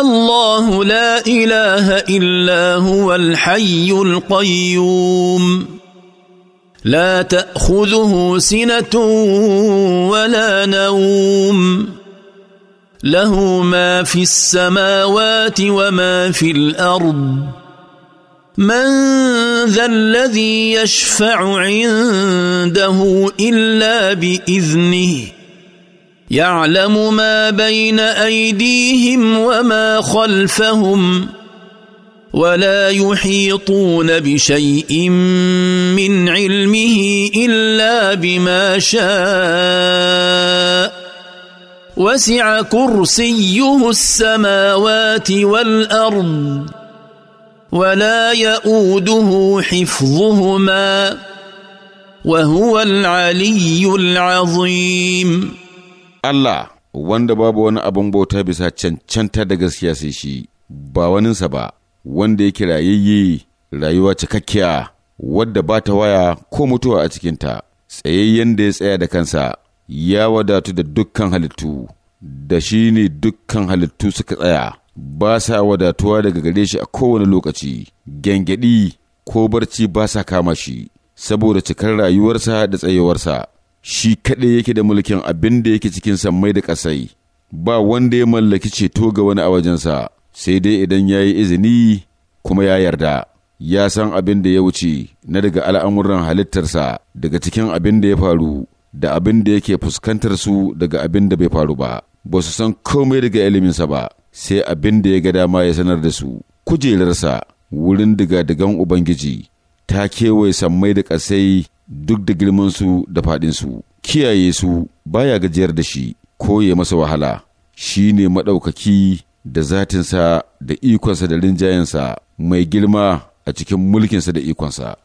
الله لا اله الا هو الحي القيوم لا تاخذه سنه ولا نوم له ما في السماوات وما في الارض من ذا الذي يشفع عنده الا باذنه يعلم ما بين ايديهم وما خلفهم ولا يحيطون بشيء من علمه الا بما شاء وسع كرسيه السماوات والارض ولا يئوده حفظهما وهو العلي العظيم Allah wanda babu wani abin bauta bisa cancanta da gaskiya sai shi ba waninsa ba wanda yake rayayye rayuwa cikakkiya wadda ba ta waya ko mutuwa a cikinta tsayayyen da ya tsaya da kansa ya wadatu da dukkan halittu da shi ne dukkan halittu suka tsaya ba sa wadatuwa daga gare shi a kowane lokaci gyangyaɗi ko barci ba sa kama shi saboda cikar rayuwarsa da tsayewarsa shi kaɗai yake da mulkin abin da yake cikin sammai da ƙasai, ba wanda ya mallaki ceto ga wani a wajensa, sai dai idan ya yi izini kuma ya yarda, ya san abin da ya wuce na daga al'amuran halittarsa daga cikin abin da ya faru da abin da yake fuskantar su daga abin da bai faru ba, ba su san komai daga iliminsa ba, sai abin da ya ga dama ya sanar da su, kujerarsa wurin diga-digan Ubangiji, ta kewaye sammai da ƙasai duk da girmansu da faɗinsu, kiyaye su baya gajiyar da shi ko ya masa wahala, shi ne maɗaukaki da zatinsa da ikonsa da rinjayensa mai girma a cikin mulkinsa da ikonsa.